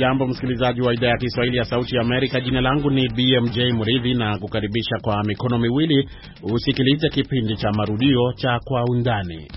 Hujambo msikilizaji wa idhaa ya Kiswahili ya Sauti ya Amerika. Jina langu ni BMJ Mridhi na kukaribisha kwa mikono miwili usikilize kipindi cha marudio cha Kwa Undani.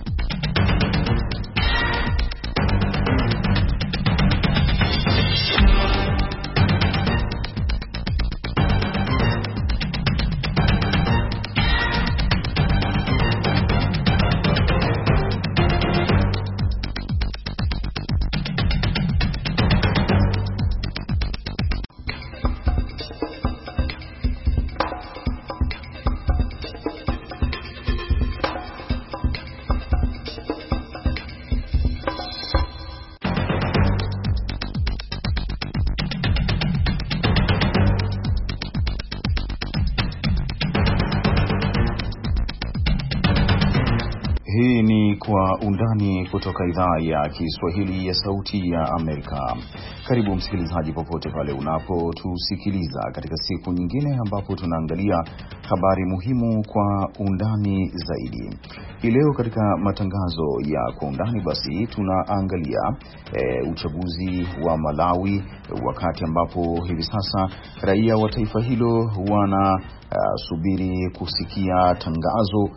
undani kutoka idhaa ya Kiswahili ya Sauti ya Amerika. Karibu msikilizaji, popote pale unapotusikiliza katika siku nyingine ambapo tunaangalia habari muhimu kwa undani zaidi. Hii leo katika matangazo ya kwa undani, basi tunaangalia e, uchaguzi wa Malawi, wakati ambapo hivi sasa raia wa taifa hilo wana Eh, subiri kusikia tangazo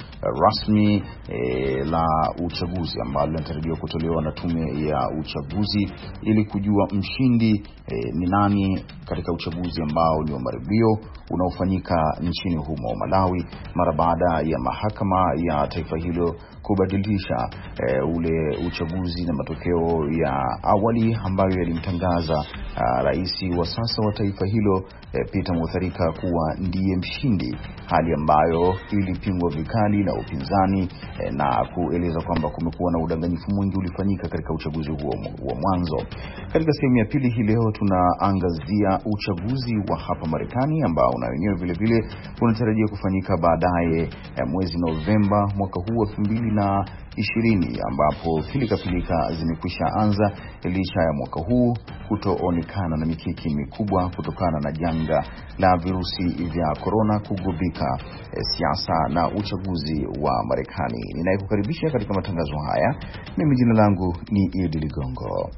rasmi e, la uchaguzi ambalo linatarajiwa kutolewa na tume ya uchaguzi ili kujua mshindi e, ni nani katika uchaguzi ambao ni wa marudio unaofanyika nchini humo Malawi mara baada ya mahakama ya taifa hilo kubadilisha e, ule uchaguzi na matokeo ya awali ambayo yalimtangaza ah, rais wa sasa wa taifa hilo e, Peter Mutharika kuwa ndiye mshindi ushindi, hali ambayo ilipingwa vikali na upinzani e, na kueleza kwamba kumekuwa na udanganyifu mwingi ulifanyika katika uchaguzi huo wa mwanzo. Katika sehemu ya pili hii leo tunaangazia uchaguzi wa hapa Marekani ambao na wenyewe vilevile unatarajia kufanyika baadaye eh, mwezi Novemba mwaka huu elfu mbili na ishirini ambapo pilikapilika zimekwisha anza licha ya mwaka huu kutoonekana na mikiki mikubwa kutokana na janga la virusi vya korona kugubika e, siasa na uchaguzi wa Marekani. Ninayekukaribisha katika matangazo haya mimi jina langu ni Idi Ligongo.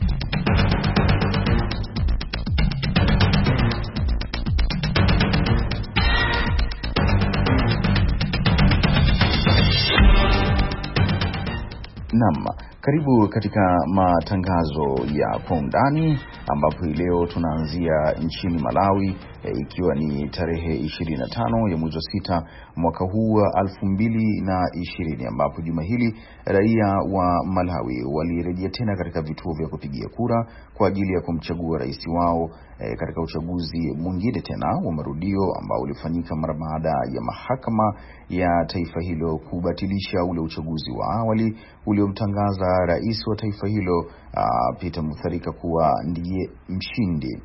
Naam, karibu katika matangazo ya kwa undani ambapo hii leo tunaanzia nchini Malawi e, ikiwa ni tarehe 25 ya mwezi wa sita mwaka huu wa 2020 ambapo juma hili raia wa Malawi walirejea tena katika vituo vya kupigia kura kwa ajili ya kumchagua rais wao e, katika uchaguzi mwingine tena wa marudio ambao ulifanyika mara baada ya mahakama ya taifa hilo kubatilisha ule uchaguzi wa awali uliomtangaza rais wa taifa hilo uh, Peter Mutharika kuwa ndiye mshindi.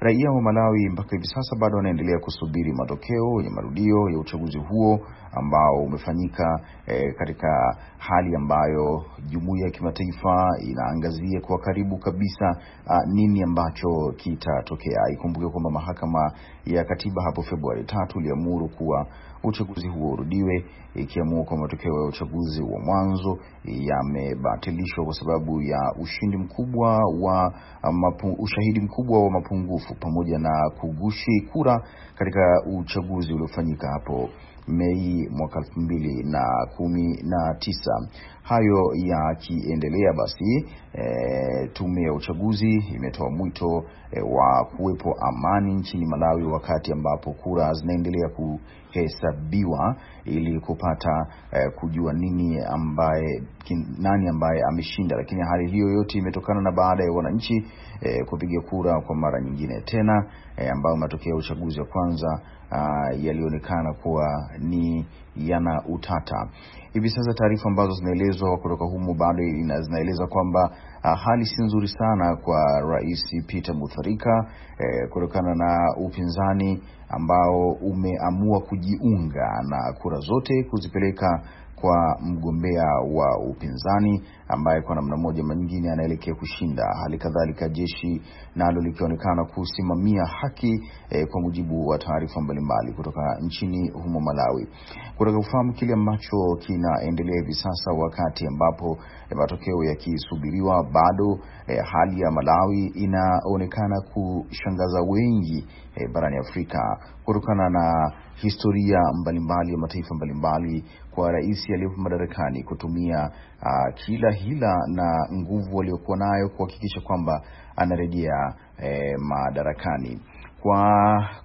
Raia wa Malawi mpaka hivi sasa bado wanaendelea kusubiri matokeo ya marudio ya uchaguzi huo ambao umefanyika e, katika hali ambayo jumuiya ya kimataifa inaangazia kwa karibu kabisa a, ah, nini ambacho kitatokea. Ikumbuke kwamba mahakama ya katiba hapo Februari tatu iliamuru kuwa uchaguzi huo urudiwe, ikiamua kwa matokeo ya uchaguzi wa mwanzo yamebatilishwa kwa sababu ya ushindi mkubwa wa ah, mapu, ushahidi mkubwa wa mapungufu pamoja na kugushi kura katika uchaguzi uliofanyika hapo Mei mwaka elfu mbili na kumi na tisa. Hayo yakiendelea basi, e, tume ya uchaguzi imetoa mwito e, wa kuwepo amani nchini Malawi wakati ambapo kura zinaendelea kuhesabiwa ili kupata e, kujua nini ambaye kin, nani ambaye ameshinda. Lakini hali hiyo yote imetokana na baada ya wananchi e, kupiga kura kwa mara nyingine tena e, ambayo matokeo ya uchaguzi wa kwanza uh, yalionekana kuwa ni yana utata. Hivi sasa taarifa ambazo zinaelezwa kutoka humo bado zinaeleza kwamba uh, hali si nzuri sana kwa Rais Peter Mutharika eh, kutokana na upinzani ambao umeamua kujiunga na kura zote kuzipeleka kwa mgombea wa upinzani ambaye kwa namna moja manyingine nyingine anaelekea kushinda. Hali kadhalika jeshi nalo likionekana kusimamia haki eh, kwa mujibu wa taarifa mbalimbali kutoka nchini humo Malawi. Kutaka kufahamu kile ambacho kinaendelea hivi sasa, wakati ambapo eh, matokeo yakisubiriwa bado, eh, hali ya Malawi inaonekana kushangaza wengi e, barani Afrika kutokana na historia mbalimbali ya mataifa mbalimbali kwa rais aliyepo madarakani kutumia uh, kila hila na nguvu aliyokuwa nayo kuhakikisha kwamba anarejea eh, madarakani. Kwa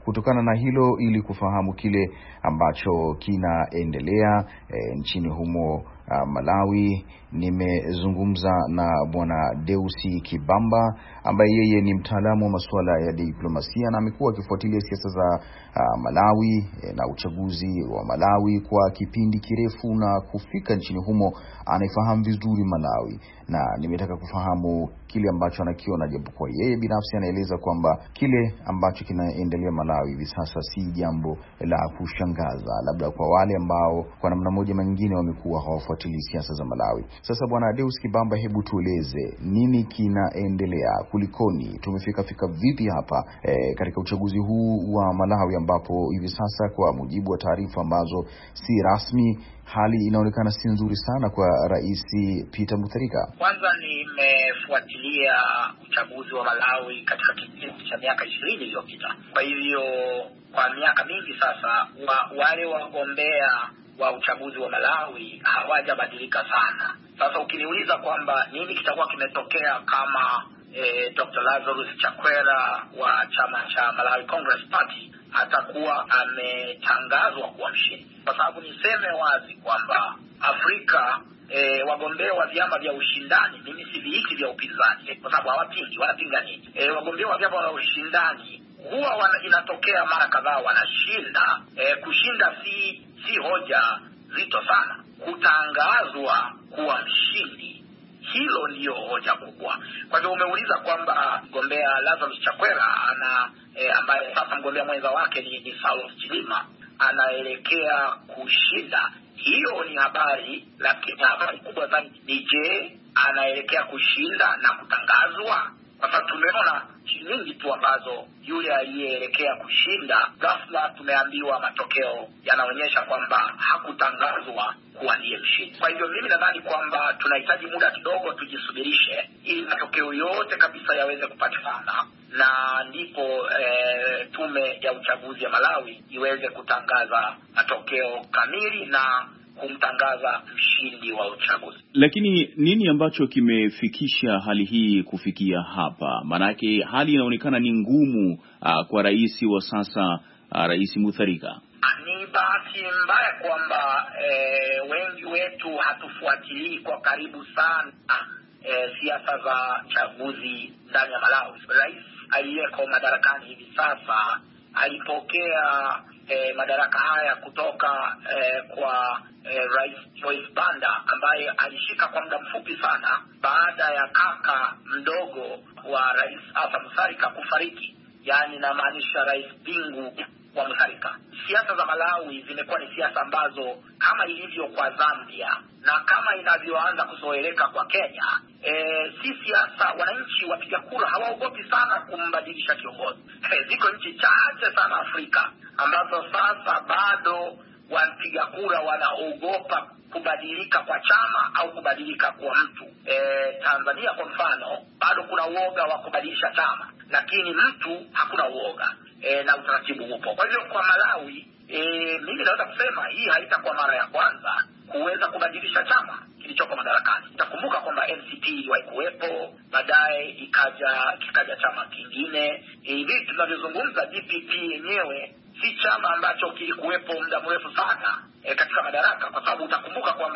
kutokana na hilo, ili kufahamu kile ambacho kinaendelea e, nchini humo Ah, Malawi. Nimezungumza na bwana Deusi Kibamba ambaye yeye ni mtaalamu wa masuala ya diplomasia na amekuwa akifuatilia siasa za uh, Malawi eh, na uchaguzi wa Malawi kwa kipindi kirefu na kufika nchini humo, anaifahamu vizuri Malawi na nimetaka kufahamu kile ambacho anakiona, japokuwa yeye binafsi anaeleza kwamba kile ambacho kinaendelea Malawi hivi sasa si jambo la kushangaza, labda kwa wale ambao kwa namna moja manyingine wamekuwa hawafuatili kufuatilia siasa za Malawi. Sasa Bwana Deus Kibamba, hebu tueleze nini kinaendelea, kulikoni, tumefikafika vipi hapa e, katika uchaguzi huu wa Malawi ambapo hivi sasa kwa mujibu wa taarifa ambazo si rasmi hali inaonekana si nzuri sana kwa Rais Peter Mutharika. Kwanza nimefuatilia uchaguzi wa Malawi katika kipindi cha miaka ishirini iliyopita. Kwa hivyo kwa miaka mingi sasa wa, wale wagombea wa uchaguzi wa Malawi hawajabadilika sana. Sasa ukiniuliza kwamba nini kitakuwa kimetokea kama e, eh, Dr. Lazarus Chakwera wa chama cha Malawi Congress Party atakuwa ametangazwa kuwa mshindi, kwa sababu niseme wazi kwamba Afrika E, wagombea wa vyama vya ushindani mimi siviiti vya upinzani, eh, kwa sababu hawapingi, wanapinga nini? E, wagombea wa vyama vya ushindani huwa wana, inatokea mara kadhaa wanashinda. E, kushinda si si hoja zito sana. Kutangazwa kuwa mshindi, hilo ndiyo hoja kubwa. Kwa hivyo umeuliza kwamba ah, mgombea Lazarus Chakwera ana e, ambaye sasa mgombea mwenza wake ni, ni Saulos Chilima anaelekea kushinda, hiyo ni habari, lakini habari kubwa zaidi ni je, anaelekea kushinda na kutangazwa? Kwa sababu tumeona nyingi tu ambazo yule aliyeelekea kushinda, ghafla tumeambiwa matokeo yanaonyesha kwamba hakutangazwa kuwa ndiye mshindi. Kwa hivyo mimi nadhani kwamba tunahitaji muda kidogo, tujisubirishe ili matokeo yote kabisa yaweze kupatikana na ndipo e, tume ya uchaguzi ya Malawi iweze kutangaza matokeo kamili na kumtangaza mshindi wa uchaguzi. Lakini nini ambacho kimefikisha hali hii kufikia hapa? Maanake hali inaonekana ni ngumu uh, kwa rais wa sasa uh, Rais Mutharika. Ah, ni bahati mbaya kwamba e, wengi wetu hatufuatilii kwa karibu sana e, siasa za chaguzi ndani ya Malawi. Rais aliyeko madarakani hivi sasa alipokea e, madaraka haya kutoka e, kwa e, Rais Joyce Banda ambaye alishika kwa muda mfupi sana baada ya kaka mdogo wa Rais Hassan Sarika kufariki, yaani namaanisha Rais Bingu wameharika. Siasa za Malawi zimekuwa ni siasa ambazo kama ilivyo kwa Zambia na kama inavyoanza kuzoeleka kwa Kenya, e, si siasa. Wananchi wapiga kura hawaogopi sana kumbadilisha kiongozi. Eh, ziko nchi chache sana Afrika ambazo sasa bado wapiga kura wanaogopa kubadilika kwa chama au kubadilika kwa mtu. E, Tanzania kwa mfano bado kuna uoga wa kubadilisha chama, lakini mtu hakuna uoga e, na utaratibu upo. Kwa hivyo kwa Malawi e, mimi naweza kusema hii haitakuwa mara ya kwanza kuweza kubadilisha chama kilichoko madarakani. Utakumbuka kwamba MCP iliwahi kuwepo, baadaye ikaja kikaja chama kingine. Eh, hivi tunavyozungumza DPP yenyewe si chama ambacho kilikuwepo muda mrefu sana e, katika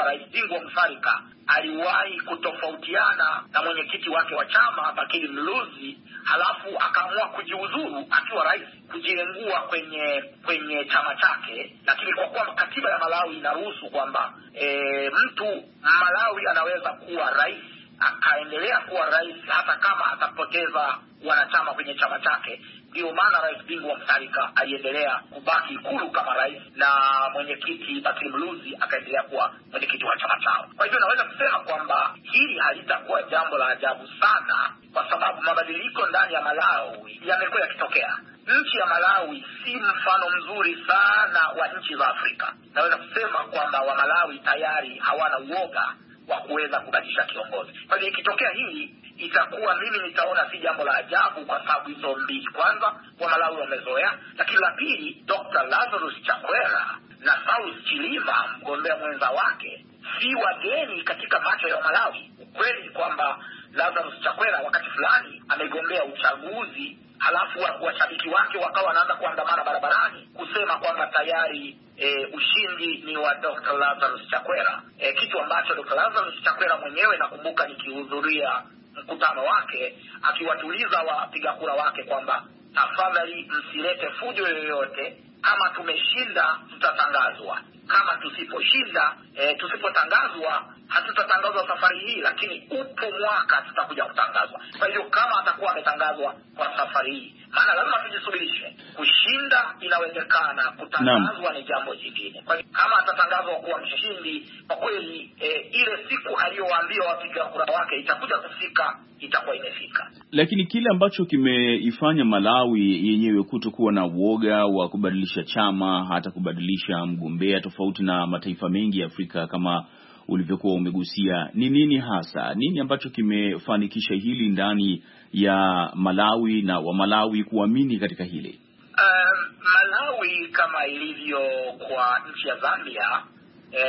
rais bingwa Mfarika aliwahi kutofautiana na mwenyekiti wake wa chama Bakili Mluzi, halafu akaamua kujiuzuru akiwa rais, kujiengua kwenye kwenye chama chake. Lakini kwa kuwa katiba ya Malawi inaruhusu kwamba e, mtu Malawi anaweza kuwa rais akaendelea kuwa rais hata kama atapoteza wanachama kwenye chama chake. Ndiyo maana Rais Bingu wa Mutharika aliendelea kubaki Ikulu kama rais na mwenyekiti Basili Mluzi akaendelea kuwa mwenyekiti wa chama chao. Kwa hivyo naweza kusema kwamba hili halitakuwa jambo la ajabu sana, kwa sababu mabadiliko ndani ya Malawi yamekuwa yakitokea. Nchi ya Malawi si mfano mzuri sana wa nchi za Afrika. Naweza kusema kwamba Wamalawi tayari hawana uoga wa kuweza kubadilisha kiongozi. Kwa hiyo ikitokea hili, itakuwa mimi nitaona si jambo la ajabu, kwa sababu hizo mbili, kwanza malawi wamezoea, lakini la pili, Dr. Lazarus Chakwera na Saul Chilima mgombea mwenza wake si wageni katika macho ya Wamalawi. Ukweli kwamba Lazarus Chakwera wakati fulani amegombea uchaguzi halafu washabiki wake wakawa wanaanza kuandamana barabarani kusema kwamba tayari e, ushindi ni wa Dr. Lazarus Chakwera e, kitu ambacho Dr. Lazarus Chakwera mwenyewe nakumbuka nikihudhuria mkutano wake akiwatuliza wapiga kura wake kwamba tafadhali msilete fujo yoyote, kama tumeshinda tutatangazwa kama tusiposhinda e, tusipotangazwa hatutatangazwa safari hii, lakini upo mwaka tutakuja kutangazwa. Kwa hivyo kama atakuwa ametangazwa kwa safari hii, maana lazima tujisubirishe. Kushinda inawezekana, kutangazwa ni jambo jingine. Kwa hivyo kama atatangazwa kuwa mshindi kwa kweli, e, ile siku aliyowaambia wapiga kura wake itakuja kufika, itakuwa imefika. Lakini kile ambacho kimeifanya Malawi yenyewe kutokuwa na uoga wa kubadilisha chama hata kubadilisha mgombea tofauti tofauti na mataifa mengi ya Afrika kama ulivyokuwa umegusia. Ni nini hasa, nini ambacho kimefanikisha hili ndani ya Malawi na Wamalawi kuamini katika hili? Um, Malawi kama ilivyo kwa nchi ya Zambia e,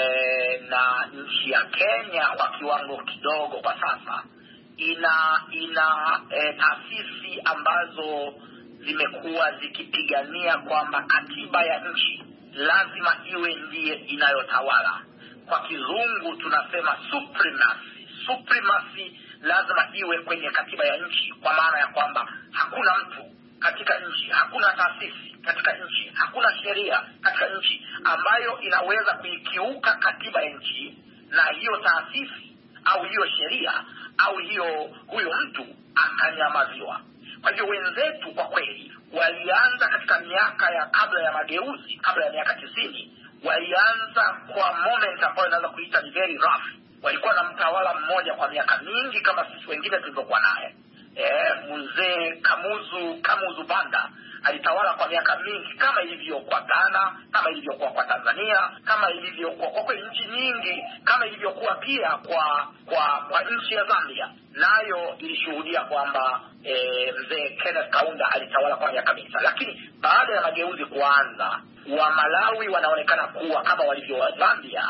na nchi ya Kenya kwa kiwango kidogo kwa sasa ina ina e, taasisi ambazo zimekuwa zikipigania kwamba katiba ya nchi lazima iwe ndiye inayotawala. Kwa kizungu tunasema supremacy. Supremacy lazima iwe kwenye katiba ya nchi, kwa maana ya kwamba hakuna mtu katika nchi, hakuna taasisi katika nchi, hakuna sheria katika nchi ambayo inaweza kuikiuka katiba ya nchi, na hiyo taasisi au hiyo sheria au hiyo huyo mtu akanyamaziwa. Kwa hiyo wenzetu kwa kweli walianza katika miaka ya kabla ya mageuzi, kabla ya miaka tisini, walianza kwa moment ambayo inaweza kuita ni very rough. Walikuwa na mtawala mmoja kwa miaka mingi kama sisi wengine tulivyokuwa naye, e, mzee Kamuzu Kamuzu Banda alitawala kwa miaka mingi kama ilivyokuwa Ghana, kama ilivyokuwa kwa Tanzania, kama ilivyokuwa kwa kweli nchi nyingi, kama ilivyokuwa pia kwa kwa kwa nchi ya Zambia, nayo ilishuhudia kwamba e, mzee Kenneth Kaunda alitawala kwa miaka mingi lakini baada ya mageuzi kuanza, wa Malawi wanaonekana kuwa kama walivyo wa Zambia,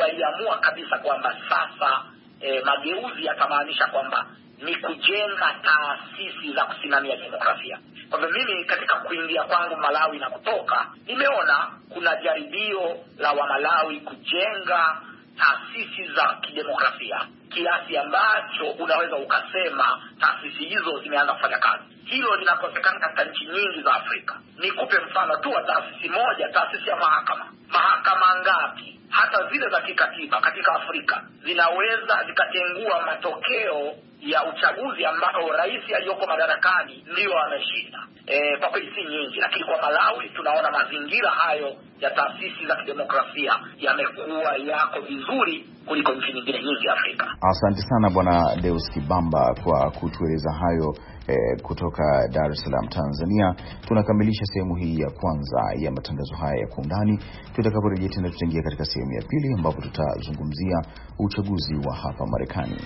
waliamua kabisa kwamba sasa e, mageuzi yatamaanisha kwamba ni kujenga taasisi za kusimamia demokrasia. Kwa hivyo mimi katika kuingia kwangu Malawi na kutoka, nimeona kuna jaribio la Wamalawi kujenga taasisi za kidemokrasia kiasi ambacho unaweza ukasema taasisi hizo zimeanza kufanya kazi. Hilo linakosekana katika nchi nyingi za Afrika. Nikupe mfano tu wa taasisi moja, taasisi ya mahakama. Mahakama ngapi hata zile za kikatiba katika Afrika zinaweza zikatengua matokeo ya uchaguzi ambao rais aliyoko madarakani ndio ameshinda. E, kwa kweli si nyingi, lakini kwa Malawi tunaona mazingira hayo ya taasisi za kidemokrasia yamekuwa yako vizuri kuliko nchi nyingine nyingi Afrika. Asante sana Bwana Deus Kibamba kwa kutueleza hayo eh, kutoka Dar es Salaam Tanzania. Tunakamilisha sehemu hii ya kwanza ya matangazo haya ya kwa undani. Tutakaporejea tena, tutaingia katika sehemu ya pili ambapo tutazungumzia uchaguzi wa hapa Marekani.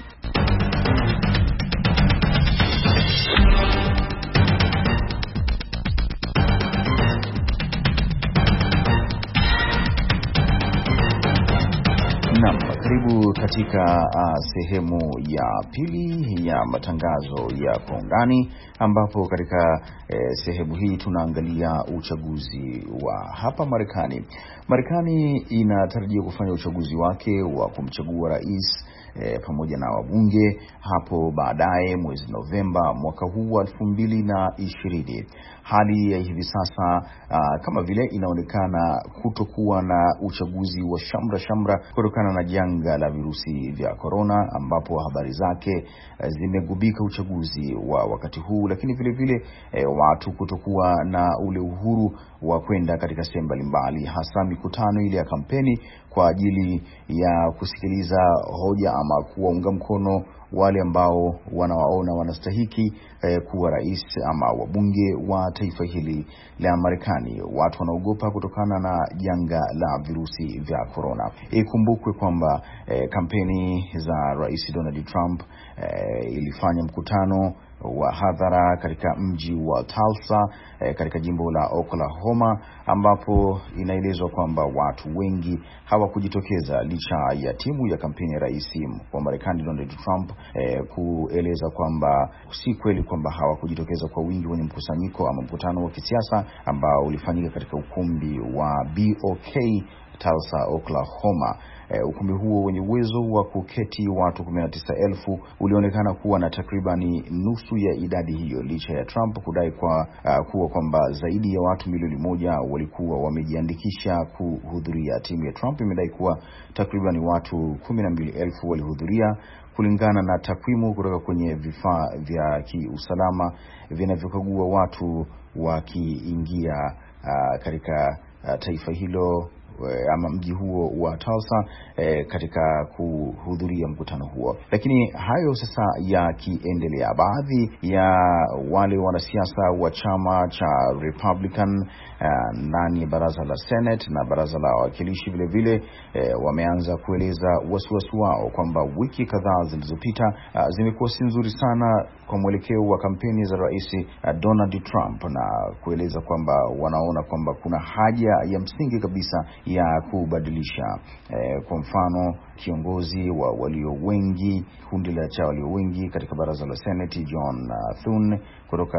Karibu katika uh, sehemu ya pili ya matangazo ya kwa undani, ambapo katika eh, sehemu hii tunaangalia uchaguzi wa hapa Marekani. Marekani inatarajia kufanya uchaguzi wake wa kumchagua rais e, pamoja na wabunge hapo baadaye mwezi Novemba mwaka huu wa elfu mbili na ishirini. Hali ya hivi sasa a, kama vile inaonekana kutokuwa na uchaguzi wa shamra shamra kutokana na janga la virusi vya korona, ambapo habari zake e, zimegubika uchaguzi wa wakati huu, lakini vilevile e, watu kutokuwa na ule uhuru wa kwenda katika sehemu mbalimbali, hasa mikutano ile ya kampeni kwa ajili ya kusikiliza hoja ama kuwaunga mkono wale ambao wanawaona wanastahiki eh, kuwa rais ama wabunge wa taifa hili la Marekani. Watu wanaogopa kutokana na janga la virusi vya korona. Ikumbukwe kwamba eh, kampeni za Rais Donald Trump eh, ilifanya mkutano wa hadhara katika mji wa Tulsa e, katika jimbo la Oklahoma ambapo inaelezwa kwamba watu wengi hawakujitokeza licha ya timu ya kampeni ya rais wa Marekani Donald Trump e, kueleza kwamba si kweli kwamba hawakujitokeza kwa wingi kwenye mkusanyiko ama mkutano wa kisiasa ambao ulifanyika katika ukumbi wa BOK Tulsa, Oklahoma eh, ukumbi huo wenye uwezo wa kuketi watu 19,000 ulionekana kuwa na takribani nusu ya idadi hiyo licha ya Trump kudai kwa uh, kuwa kwamba zaidi ya watu milioni moja walikuwa wamejiandikisha kuhudhuria. Timu ya Trump imedai kuwa takribani watu 12,000 walihudhuria kulingana na takwimu kutoka kwenye vifaa vya kiusalama vinavyokagua watu wakiingia uh, katika uh, taifa hilo Eh, ama mji huo wa Tulsa e, katika kuhudhuria mkutano huo. Lakini hayo sasa yakiendelea, baadhi ya wale wanasiasa wa chama cha Republican Eh, ndani ya baraza la Senate na baraza la wawakilishi vilevile e, eh, wameanza kueleza wasiwasi wao kwamba wiki kadhaa zilizopita eh, zimekuwa si nzuri sana kwa mwelekeo wa kampeni za rais Donald Trump na kueleza kwamba wanaona kwamba kuna haja ya msingi kabisa ya kubadilisha e, kwa mfano kiongozi wa walio wengi, kundi la cha walio wengi katika baraza la Seneti, John uh, Thune kutoka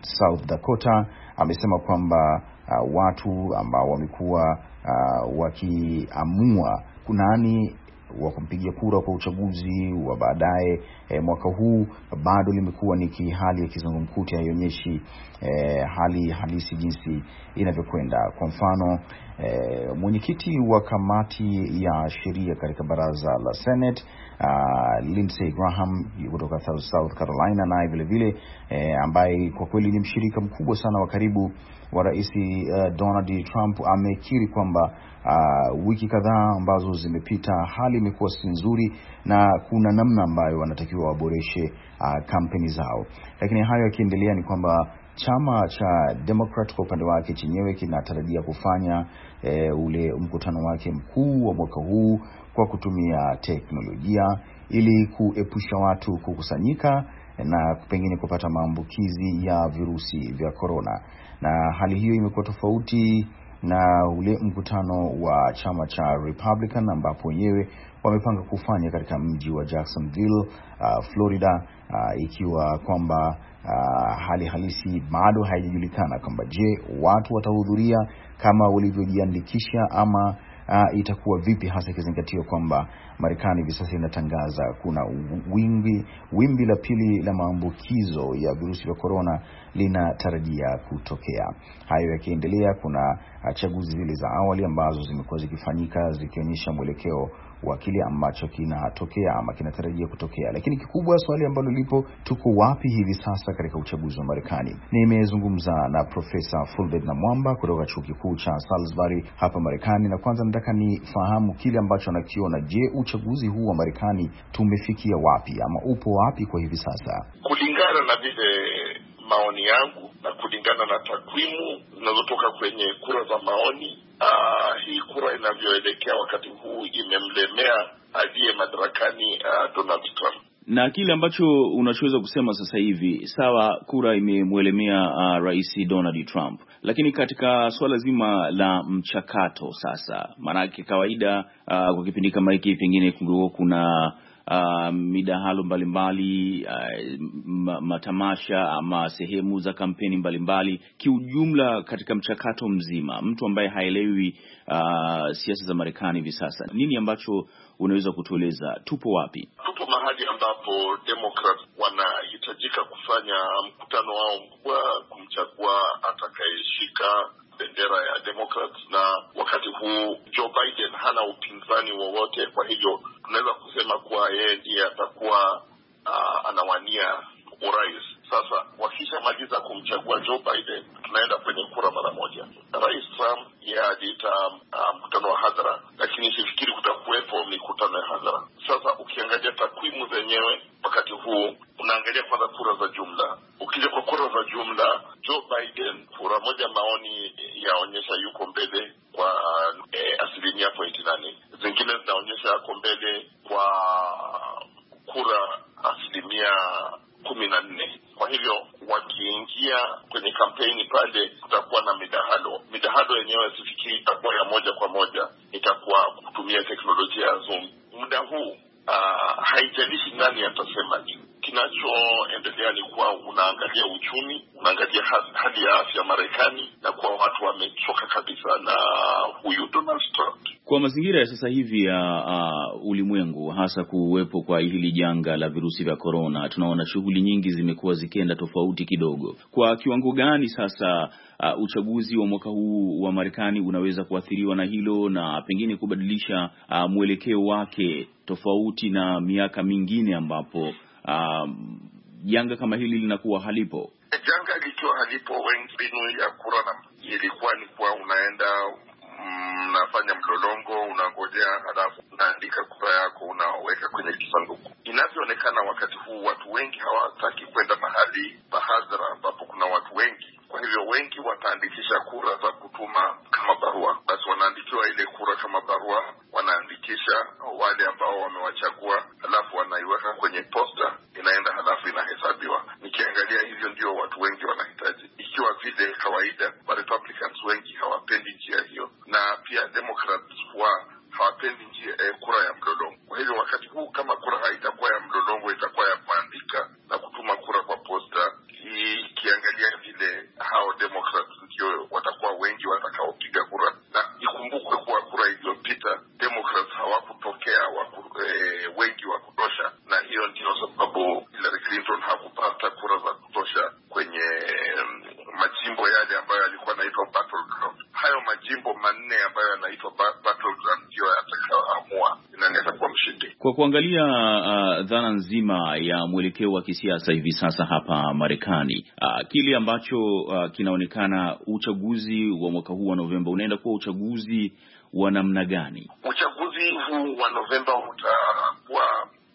South Dakota amesema kwamba uh, watu ambao wamekuwa uh, wakiamua kunani wa kumpigia kura kwa uchaguzi wa baadaye e, mwaka huu bado limekuwa ni kihali ya kizungumkuti, haionyeshi e, hali halisi jinsi inavyokwenda. Kwa mfano E, mwenyekiti wa kamati ya sheria katika baraza la Senate uh, Lindsey Graham kutoka South Carolina naye vilevile e, eh, ambaye kwa kweli ni mshirika mkubwa sana wa karibu wa Rais uh, Donald Trump amekiri kwamba uh, wiki kadhaa ambazo zimepita hali imekuwa si nzuri na kuna namna ambayo wanatakiwa waboreshe ah, kampeni zao, lakini hayo yakiendelea ni kwamba chama cha Democrat kwa upande wake chenyewe kinatarajia kufanya e, ule mkutano wake mkuu wa mwaka huu kwa kutumia teknolojia ili kuepusha watu kukusanyika na pengine kupata maambukizi ya virusi vya korona, na hali hiyo imekuwa tofauti na ule mkutano wa chama cha Republican ambapo wenyewe wamepanga kufanya katika mji wa Jacksonville, uh, Florida, uh, ikiwa kwamba uh, hali halisi bado haijajulikana kwamba je, watu watahudhuria kama walivyojiandikisha ama uh, itakuwa vipi hasa ikizingatiwa kwamba Marekani hivi sasa inatangaza kuna wimbi wimbi la pili la maambukizo ya virusi vya korona linatarajia kutokea. Hayo yakiendelea, kuna ah, chaguzi zile za awali ambazo zimekuwa zikifanyika zikionyesha mwelekeo wa kile ambacho kinatokea ama kinatarajia kutokea. Lakini kikubwa swali ambalo lipo, tuko wapi hivi sasa katika uchaguzi wa Marekani? Nimezungumza na Profesa Fulbert Namwamba kutoka chuo kikuu cha Salisbury hapa Marekani, na kwanza nataka nifahamu kile ambacho anakiona. Je, uchaguzi huu wa Marekani tumefikia wapi ama upo wapi kwa hivi sasa, kulingana na vile maoni yangu na kulingana na takwimu zinazotoka kwenye kura za maoni Ah, hii kura inavyoelekea wakati huu imemlemea aliye madarakani uh, Donald Trump na kile ambacho unachoweza kusema sasa hivi, sawa, kura imemwelemea uh, rais Donald Trump, lakini katika suala zima la mchakato sasa, maanake kawaida uh, kwa kipindi kama hiki pengine kungekuwa kuna uh, midahalo mbalimbali uh, matamasha ama sehemu za kampeni mbalimbali, kiujumla katika mchakato mzima, mtu ambaye haelewi uh, siasa za Marekani hivi sasa, nini ambacho unaweza kutueleza? Tupo wapi? Tupo mahali ambapo Democrats wanahitajika kufanya mkutano wao mkubwa kumchagua atakayeshika bendera ya Democrat, na wakati huu Joe Biden hana upinzani wowote. Kwa hivyo tunaweza kusema kuwa yeye ndiye atakuwa uh, anawania urais. Sasa wakishamaliza kumchagua Joe Biden, tunaenda kwenye kura mara moja. Rais Trump yeye aliita mkutano ah, mkutano wa hadhara, lakini sifikiri kutakuwepo mikutano ya hadhara. Sasa ukiangalia takwimu zenyewe wakati huu unaangalia kwanza kura za jumla. Ukija kwa kura za jumla, Joe Biden kura moja, maoni yaonyesha yuko mbele kwa eh, asilimia pointi nane, zingine zinaonyesha yako mbele kwa kura asilimia kumi na nne. Kwa hivyo wakiingia kwenye kampeni pale, kutakuwa na midahalo. Midahalo yenyewe sifikiri itakuwa ya moja kwa moja, itakuwa kutumia teknolojia ya Zoom. Muda huu ah, haijalishi nani atasema nini kinachoendelea ni kuwa unaangalia uchumi, unaangalia hali ya afya Marekani, na kuwa watu wamechoka kabisa na huyu Donald Trump kwa mazingira ya sasa hivi ya uh, ulimwengu hasa kuwepo kwa hili janga la virusi vya korona, tunaona shughuli nyingi zimekuwa zikienda tofauti kidogo. Kwa kiwango gani sasa uh, uchaguzi wa mwaka huu wa Marekani unaweza kuathiriwa na hilo na pengine kubadilisha uh, mwelekeo wake tofauti na miaka mingine ambapo Um, janga um, kama hili linakuwa halipo. Janga likiwa halipo, wengi mbinu ya kura na ilikuwa ni kuwa unaenda mnafanya mm, mlolongo, unangojea, halafu unaandika kura yako, unaweka kwenye kisanduku. Inavyoonekana wakati huu watu wengi hawataki kwenda mahali pa hadhara ambapo kuna watu wengi kwa hivyo wengi wataandikisha kura za kutuma kama barua, basi wanaandikiwa ile kura kama barua, wanaandikisha wale ambao wamewachagua, halafu wanaiweka kwenye posta, inaenda halafu inahesabiwa. Nikiangalia hivyo, ndio watu wengi wanahitaji, ikiwa vile kawaida wa Republicans wengi hawapendi njia hiyo, na pia Democrats wa hawapendi Tunapoangalia uh, dhana nzima ya mwelekeo wa kisiasa hivi sasa hapa Marekani, uh, kile ambacho uh, kinaonekana uchaguzi wa mwaka huu wa Novemba unaenda kuwa uchaguzi wa namna gani? Uchaguzi huu wa Novemba utakuwa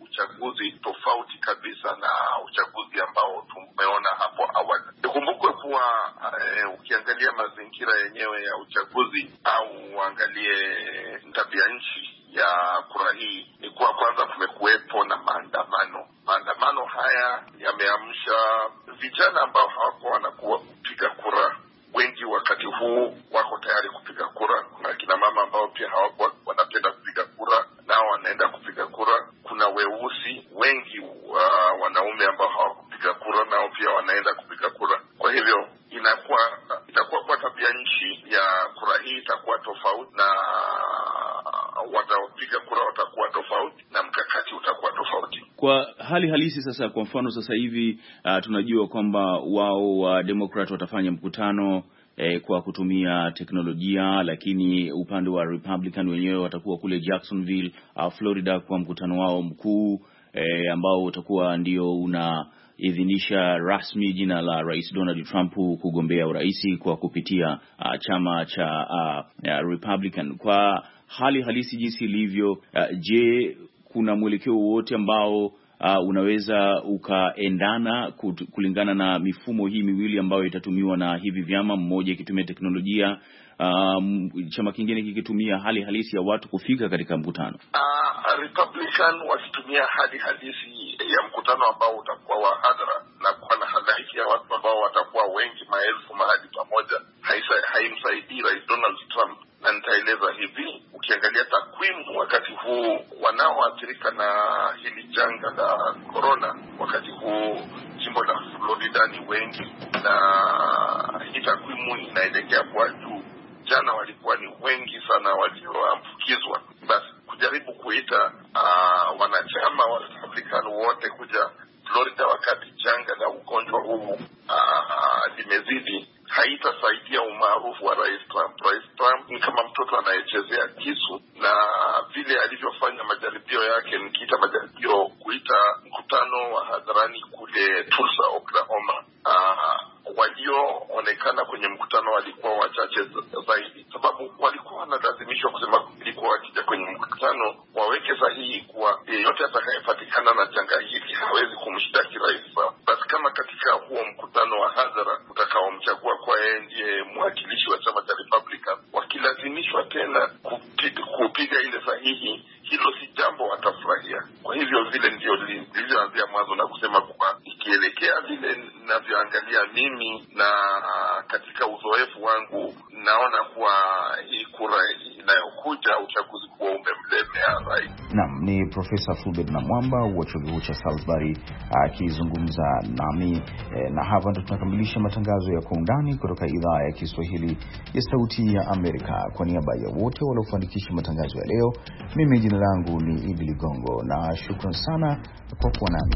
uchaguzi tofauti kabisa na uchaguzi ambao tumeona hapo awali. Ikumbukwe kuwa uh, ukiangalia mazingira yenyewe ya uchaguzi au uangalie tabia nchi ya kura hii kuwa kwanza kumekuwepo na maandamano. Maandamano haya yameamsha vijana ambao hawakuwa hali halisi sasa, kwa mfano sasa hivi uh, tunajua kwamba wao wa uh, Democrat watafanya mkutano eh, kwa kutumia teknolojia, lakini upande wa Republican wenyewe watakuwa kule Jacksonville, uh, Florida kwa mkutano wao mkuu eh, ambao utakuwa ndio una idhinisha rasmi jina la Rais Donald Trump kugombea urais kwa kupitia uh, chama cha uh, uh Republican. Kwa hali halisi jinsi ilivyo, uh, je, kuna mwelekeo wowote ambao uh, unaweza ukaendana kulingana na mifumo hii miwili ambayo itatumiwa na hivi vyama, mmoja ikitumia teknolojia um, chama kingine kikitumia hali halisi ya watu kufika katika mkutano uh, Republican wakitumia hali halisi ya mkutano ambao utakuwa wa hadhara na kuwa na halaiki ya watu ambao watakuwa wengi maelfu mahali pamoja, haimsaidii Rais Donald Trump na nitaeleza hivi. Ukiangalia takwimu, wakati huu wanaoathirika na hili janga la korona, wakati huu jimbo la Florida ni wengi, na hii takwimu inaelekea kwa juu. Jana walikuwa ni wengi sana walioambukizwa. Basi kujaribu kuita uh, wanachama wa Republican wote kuja Florida wakati janga la ugonjwa huu uh, limezidi haitasaidia umaarufu wa Rais Trump. Rais kama mtoto anayechezea kisu, na vile alivyofanya majaribio yake, nikiita majaribio, kuita mkutano wa hadharani kule Tulsa, Oklahoma, ah, walioonekana kwenye mkutano wali hii kura inayokuja uchaguzi kuwa umemlemea rais. Naam, ni Profesa Fulbert Namwamba wa chuo kikuu cha Salisbury akizungumza nami e, na hapa ndo tunakamilisha matangazo ya kwa undani kutoka idhaa ya Kiswahili ya Sauti ya Amerika. Kwa niaba ya wote waliofanikisha matangazo ya leo, mimi jina langu ni Idi Ligongo na shukran sana kwa kuwa nami.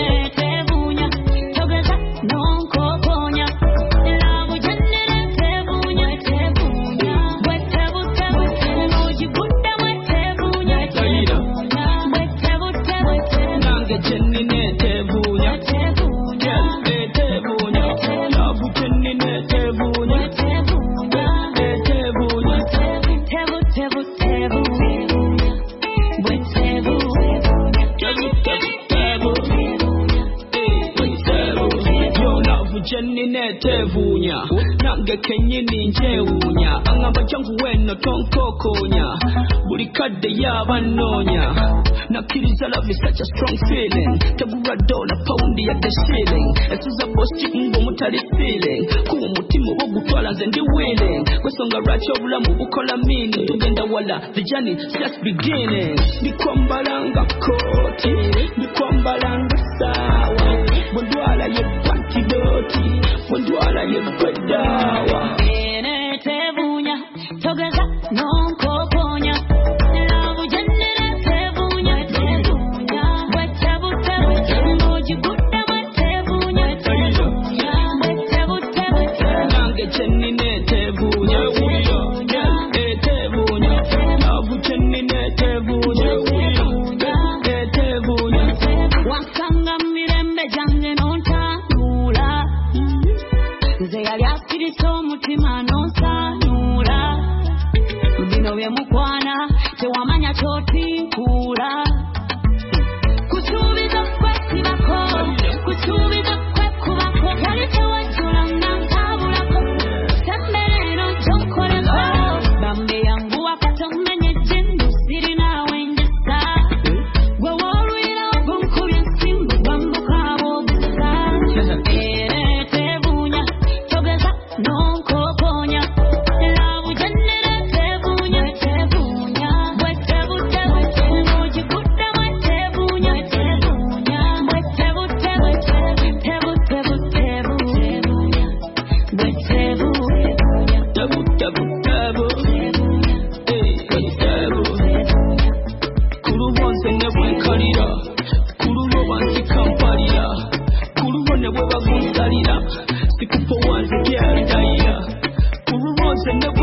tevuunya nange kenyini njewuunya aŋamba jangu weno tonkokonya buli kadde yaba nnoonya nakkiriza love is such a strong feeling tegulwa dola pawundi yadde shilling esiza bosti mutali feeling kuwa omutima oba ogutwala nze ndi willing gwesonga lwaki obulamu bukola mini tugenda wala the journey just beginning ndikwambalanga kooti ndikwambalanga saawa bwe ndwala yebu antidoti Mundu anayependa wa mwana tewamanya kyotinkula